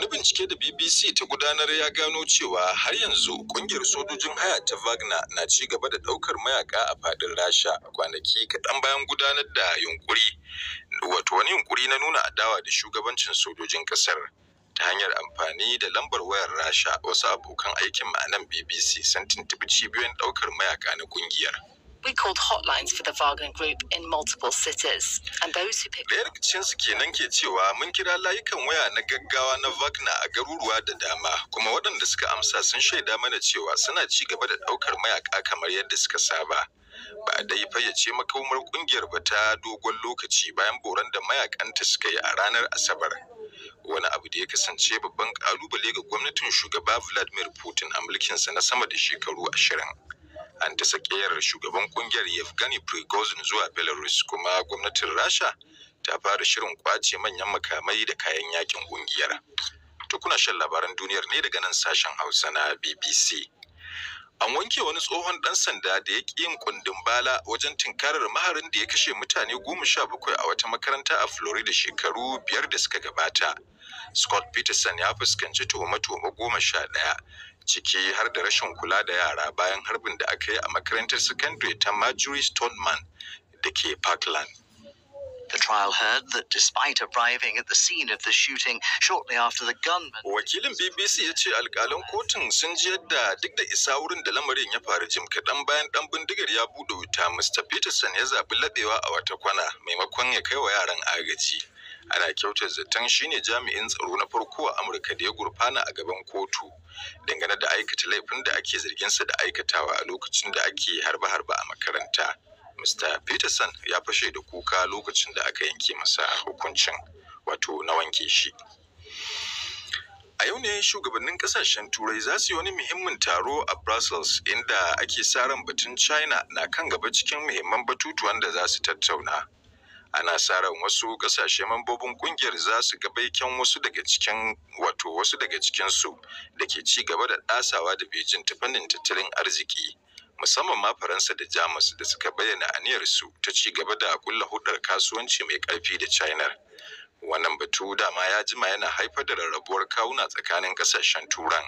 Wani bincike da BBC ta gudanar ya gano cewa har yanzu kungiyar sojojin haya ta Wagner na ci gaba da daukar mayaka a fadin Rasha kwanaki kaɗan bayan gudanar da yunkuri wato wani yunkuri na nuna adawa da shugabancin sojojin ƙasar ta hanyar amfani da lambar wayar Rasha wasu abokan aikin ma'anan BBC sun tuntubi cibiyoyin ɗaukar mayaka na kungiyar. We called hotlines for the Wagner Group in multiple cities, and those who picked. Berg daga cikinsu kenan ke cewa mun kira layukan waya na gaggawa na Wagner a garuruwa da dama, kuma waɗanda suka amsa sun shaida mana cewa suna ci gaba da ɗaukar mayaka kamar yadda suka saba. Ba a dai fayyace makomar ƙungiyar ba ta dogon lokaci bayan boran da mayakanta suka yi a ranar Asabar. wani abu da ya kasance babban kalubale ga gwamnatin shugaba Vladimir Putin a mulkinsa na sama da shekaru ashirin. an ta sakayar shugaban kungiyar Yevgeny Prigozhin zuwa Belarus kuma gwamnatin Rasha ta fara shirin kwace manyan makamai da kayan yakin kungiyar. Tukuna shan labaran duniyar ne daga nan sashen Hausa na BBC. an wanke wani tsohon ɗan sanda da ya ƙi yin kundin bala wajen tinkarar maharin da ya kashe mutane goma sha bakwai a wata makaranta a Florida shekaru biyar da suka gabata. Scott Peterson ya fuskanci tuhume-tuhume goma sha ɗaya, ciki har da rashin kula da yara bayan harbin da aka yi a makarantar secondary ta Marjorie Stoneman da ke Parkland. trial heard that despite arriving at the scene of the shooting shortly after the gunman. Wakilin BBC ya ce alkalin kotun sun ji yadda duk da isa wurin da lamarin ya faru jim kaɗan bayan ɗan bindigar ya buɗe wuta Mr. Peterson ya zaɓi laɓewa a wata kwana maimakon ya kai wa yaran agaji. ana kyautar zaton shine jami'in tsaro na farko a amurka da ya gurfana a gaban kotu dangane da aikata laifin da ake zarginsa da aikatawa a lokacin da ake harba-harba a makaranta Mr. Peterson ya fashe da kuka lokacin da aka yanke masa hukuncin wato na wanke shi. A yau ne shugabannin kasashen Turai za su yi wani muhimmin taro a Brussels inda ake sa ran batun China na kan gaba cikin muhimman batutuwan da za su tattauna. Ana sa ran wasu kasashe mambobin kungiyar za su kyan wasu daga cikin wato wasu daga cikinsu da ke ci gaba da ɗasawa da Beijing ta fannin tattalin arziki. musamman ma Faransa da Jamus da suka bayyana aniyarsu ta ci gaba da kulla hudar kasuwanci mai ƙarfi da China. Wannan batu dama ya jima yana haifar da rarrabuwar kawuna tsakanin ƙasashen Turan,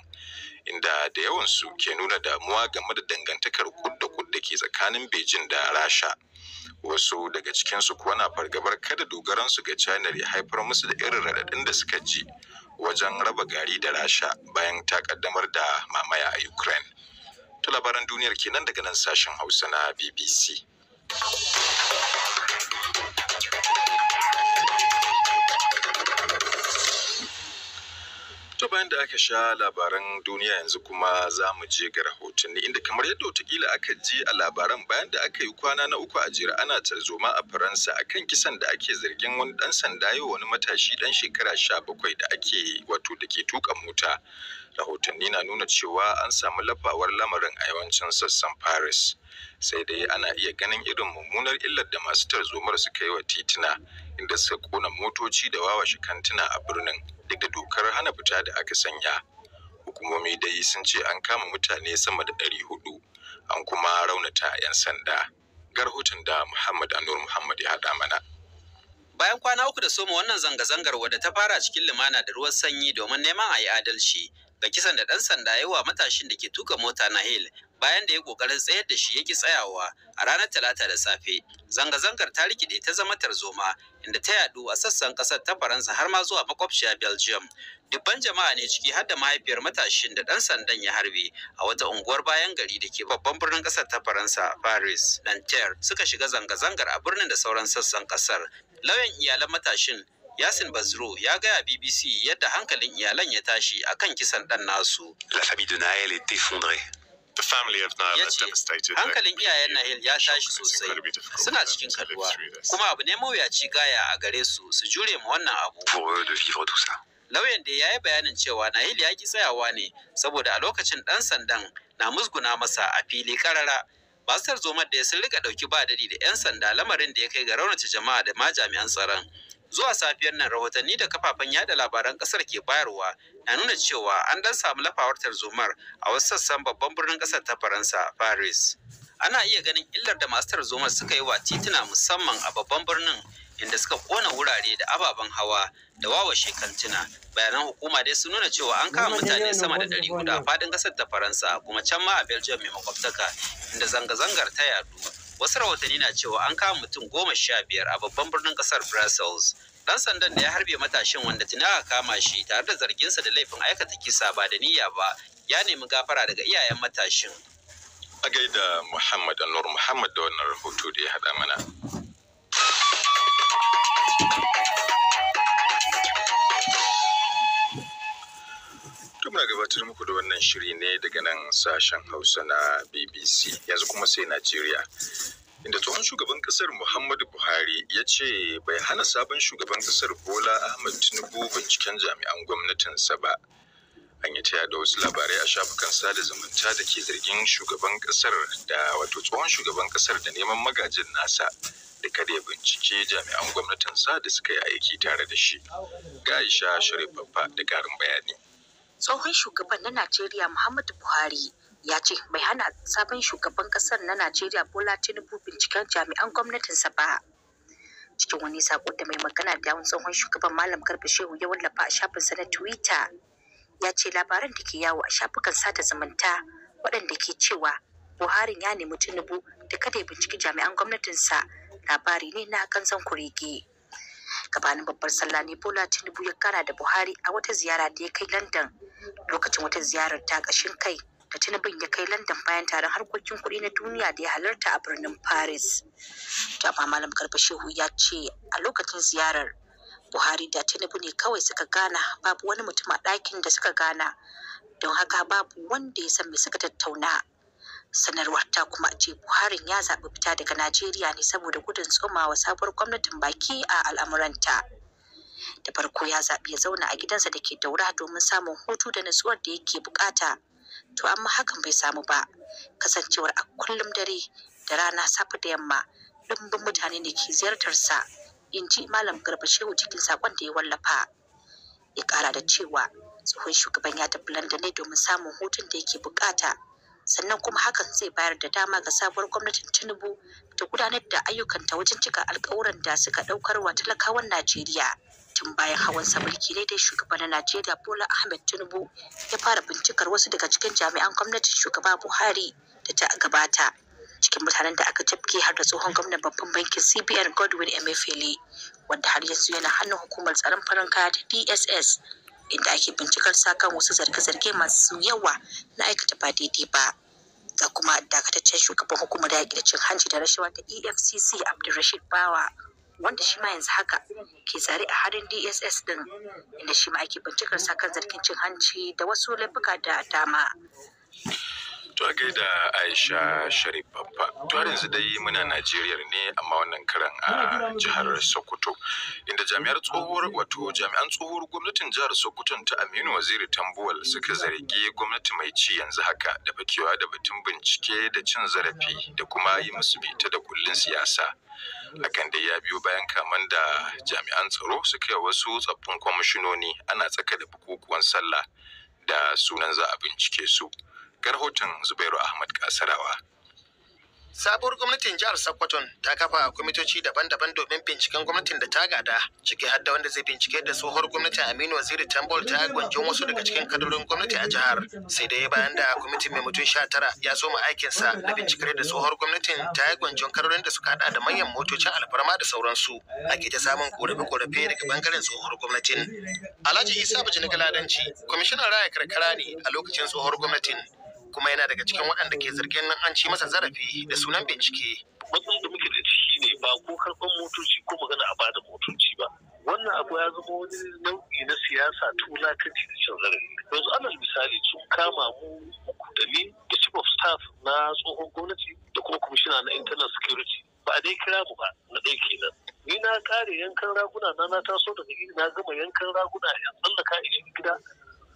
inda da yawansu ke nuna damuwa game da dangantakar kudda kudda ke tsakanin Beijing da Rasha. Wasu daga cikinsu kuwa na fargabar kada dogaransu ga China ya haifar musu da irin raɗaɗin da suka ji wajen raba gari da Rasha bayan ta ƙaddamar da mamaya a Ukraine. ta labaran duniyar kenan daga nan sashen Hausa na BBC. To bayan da aka sha labaran duniya yanzu kuma za mu je ga rahotanni inda kamar yadda watakila aka je a labaran bayan da aka yi kwana na uku a jere ana tarzoma a Faransa akan kisan da ake zargin wani dan sanda yau wani matashi dan shekara sha bakwai da ake wato da ke tuka mota. rahotanni na nuna cewa an samu lafawar lamarin a yawancin sassan paris sai dai ana iya ganin irin mummunar illar da masu tarzomar suka yi wa titina inda suka kona motoci da wawashe kantuna a birnin duk da dokar hana fita da aka sanya hukumomi dai sun ce an kama mutane sama da ɗari hudu an kuma raunata 'yan sanda garhutun da muhammad anur muhammad ya haɗa mana bayan kwana uku da soma wannan zanga-zangar wadda ta fara cikin lumana da ruwan sanyi domin neman a yi adalci ga kisan da ɗan sanda ya wa matashin da ke tuka mota na Hill bayan da ya kokarin tsayar da shi ya ki tsayawa a ranar talata da safe zanga-zangar ta rikide ta zama tarzoma inda ta yadu a sassan ƙasar ta faransa har ma zuwa makwabciya belgium dubban jama'a ne ciki har da mahaifiyar matashin da ɗan sandan ya harbe a wata unguwar bayan gari da ke babban birnin ƙasar ta faransa paris nanterre suka shiga zanga-zangar a birnin da sauran sassan ƙasar, lauyan iyalan matashin Yasin Bazro ya gaya BBC yadda hankalin iyalan ya tashi a kan kisan ɗan nasu. La famille de est effondrée. ya ce hankalin iyayen Nahil ya tashi sosai suna cikin kaduwa kuma abu ne mawuyaci gaya a gare su su jure ma wannan abu. Lauyan da ya yi bayanin cewa Nahil ya ki tsayawa ne saboda a lokacin ɗan sandan na musguna masa a fili karara. Basar zomar da ya sun rika ɗauki ba da 'yan sanda lamarin da ya kai ga raunata jama'a da ma jami'an tsaron. zuwa safiyar nan rahotanni da kafafen yada labaran kasar ke bayarwa na nuna cewa an dan samu lafawar tarzomar a wasu sassan babban birnin kasar ta faransa paris ana iya ganin illar da masu tarzomar suka yi wa tituna musamman a babban birnin inda suka kona wurare da ababen hawa da wawashe kantuna bayanan hukuma dai sun nuna cewa an kama mutane sama da ɗari hudu a faɗin ƙasar ta faransa kuma can ma a belgium mai makwabtaka inda zanga-zangar ta yadu wasu rahotanni na cewa an kama mutum goma sha biyar a babban birnin kasar brussels dan sandan da ya harbe matashin wanda tuni aka kama shi tare da zarginsa da laifin aikata kisa ba da niyya ba ya nemi gafara daga iyayen matashin a gaida muhammad anwar muhammad da wannan rahoto da ya haɗa mana shiri ne daga nan sashen Hausa na BBC yanzu kuma sai Najeriya. Inda tsohon shugaban kasar Muhammadu Buhari ya ce bai hana sabon shugaban kasar Bola ahmad Tinubu binciken jami'an gwamnatinsa ba. An yi ta yada wasu labarai a shafukan sada zumunta da ke zargin shugaban kasar da wato tsohon shugaban kasar da neman magajin nasa da kada ya bincike jami'an gwamnatinsa da suka yi aiki tare da shi. Ga Aisha Sharif da karin bayani. tsohon shugaban na najeriya muhammadu buhari ya ce bai hana sabon shugaban kasar na najeriya bola tinubu binciken jami'an gwamnatinsa ba cikin wani sako da mai magana da yawan tsohon shugaban malam garba shehu ya wallafa a shafinsa na twitter ya ce labaran da ke yawo a shafukan sada zumunta waɗanda ke cewa buhari ya nemi tinubu da kada ya binciki jami'an gwamnatinsa labari ne na kanzan kurege gabanin babbar sallah ne bola tinubu ya kara da buhari a wata ziyara da ya kai london lokacin wata ziyarar ta ƙashin kai da tinubin ya kai Landan bayan taron harkokin kuɗi na duniya da ya halarta a birnin paris amma malam garba shehu ya ce a lokacin ziyarar buhari da tinubu ne kawai suka gana babu wani mutum a ɗakin da suka gana don haka babu wanda ya san me suka tattauna sanarwar ta kuma ce buharin ya zaɓi fita daga najeriya ne saboda gudun tsomawa sabuwar gwamnatin baki a al'amuranta da farko ya zaɓi ya zauna a gidansa da ke daura domin samun hutu da nutsuwar da yake bukata to amma hakan bai samu ba kasancewar a kullum dare da rana safe da yamma ɗumbin mutane ne ke ziyartarsa in ji malam garba shehu cikin saƙon da ya wallafa ya ƙara da cewa tsohon shugaban ya tafi landa ne domin samun hutun da yake bukata sannan kuma hakan zai bayar da dama ga sabuwar gwamnatin tinubu ta gudanar da ayyukanta wajen cika alkawuran da suka ɗaukar wa talakawan najeriya tun bayan hawan sa mulki ne dai shugaban na Najeriya Bola Ahmed Tinubu ya fara bincikar wasu daga cikin jami'an gwamnatin shugaba Buhari da ta gabata. Cikin mutanen da aka jabke har da tsohon gwamnan babban bankin CBN Godwin Emefiele wanda har yanzu yana hannun hukumar tsaron farin kaya ta DSS inda ake bincikar sa kan wasu zarge-zarge masu yawa na aikata ba daidai ba. Ga kuma dakataccen shugaban hukumar yaƙi da cin hanci da rashawa ta EFCC Abdulrashid Bawa wanda shi ma yanzu haka ke tsare a harin dss din inda shi ma ake bincikar sa kan zargin cin hanci da wasu laifuka da dama To a gaida Aisha Sharif Babba. To har yanzu dai muna Najeriya ne amma wannan karan a jihar Sokoto inda jami'ar tsohuwar wato jami'an tsohuwar gwamnatin jihar Sokoto ta Aminu Waziri Tambuwal suka zargi gwamnati mai ci yanzu haka da fakewa da batun bincike da cin zarafi da kuma yi musu bita da kullun siyasa. hakan dai ya biyo bayan kaman da jami'an tsaro suka yi wasu tsaffin kwamishinoni ana tsaka da bukukuwan sallah da sunan za a bincike su ga rahoton zubairu ahmad kasarawa Sabuwar gwamnatin jihar Sokoton ta kafa kwamitoci daban-daban domin binciken gwamnatin da ta gada, ciki har da wanda zai bincike da tsohuwar gwamnatin Aminu Waziri Tambol ta gwanjon wasu daga cikin kadurin gwamnati a jihar. Sai dai bayan da kwamitin mai mutum sha tara ya soma aikinsa na bincike da tsohuwar gwamnatin ta gwanjon kadurin da suka hada da manyan motocin alfarma da sauransu. Ake ta samun korafe-korafe daga bangaren tsohuwar gwamnatin. Alhaji Isa Bajini Galadanci, kwamishinan raya karkara ne a lokacin tsohuwar gwamnatin. kuma yana daga cikin waɗanda ke zargin an ci masa zarafi da sunan bincike. Wannan da muke da shi ne ba ko karɓar motoci ko magana a bada motoci ba. Wannan abu ya zama wani nau'i na siyasa tula ci da cin zarafi. Yanzu alal misali sun kama mu da ni da chief of staff na tsohon gwamnati da kuma kwamishina na internal security. Ba a dai kira mu ba na ɗaya kenan. Ni na kare yankan raguna na na taso daga gidi na gama yankan raguna ya tsallaka a gida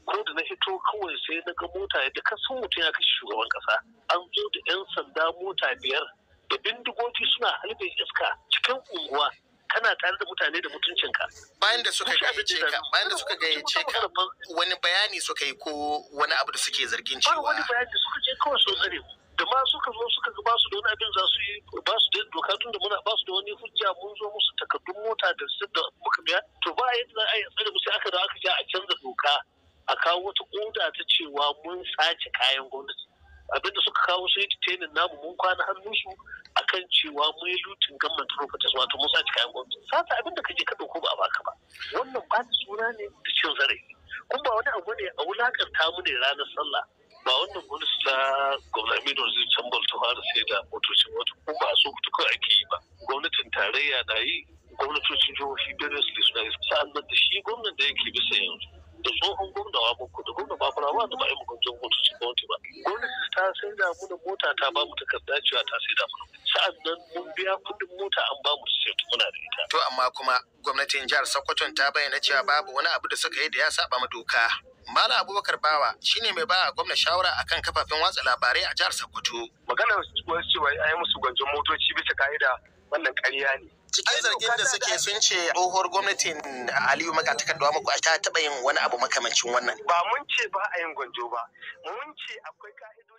ko da na hito kawai sai na ga mota yadda san mutum ya kashe shugaban kasa an zo da yan sanda mota biyar da bindigogi suna halbe iska cikin unguwa kana tare da mutane da mutuncinka bayan da suka gayyace ka bayan da suka gayyace ka wani bayani suka yi ko wani abu da suke zargin cewa wani bayani suka je kawai so tsare da ma suka zo suka ga basu da wani abin za su yi basu da doka tun da muna basu da wani hujja mun zo musu takardun mota da su da muka biya to ba yadda za a yi tsare musu aka da aka ja a canza doka a kawo wata oda ta cewa mun sace kayan gwamnati abinda suka kawo su yi namu mun kwana hannunsu akan cewa mun yi lutin gamman properties wato mun sace kayan gwamnati sata abinda kaje ka dauko ba a baka ba wannan ba ta suna ne da cin zarafi kuma ba wani abu ne a wulakanta mu ne ranar sallah ba wannan gwamnati ta gwamnati da zai canbal ta fara sai da motocin wata ko ba so kuka ake yi ba gwamnatin tarayya na yi gwamnatocin jihohi various suna yi sa'an da shi gwamnan da yake bisa yanzu da tsohon gwamna wa muku da gwamna ba fara ba yi muku jin hoto su gwamnati ba gwamnati ta sai da mu da mota ta ba mu takarda cewa ta sai da mu sa'an nan mun biya kuɗin mota an ba mu sai muna da ita to amma kuma gwamnatin jihar Sokoton ta bayyana cewa babu wani abu da suka yi da ya saba ma doka Malam Abubakar Bawa shine mai ba gwamna shawara akan kafafen watsa labarai a jihar Sokoto. Maganar wasu cewa ai musu gwanjon motoci bisa ka'ida wannan ƙarya ne. cikin zargin da suke sun ce tsohuwar gwamnatin aliyu maka takardawa muku ta taɓa yin wani abu makamancin wannan ba mun ce ba a yin gwanjo ba mun ce akwai ka'idoji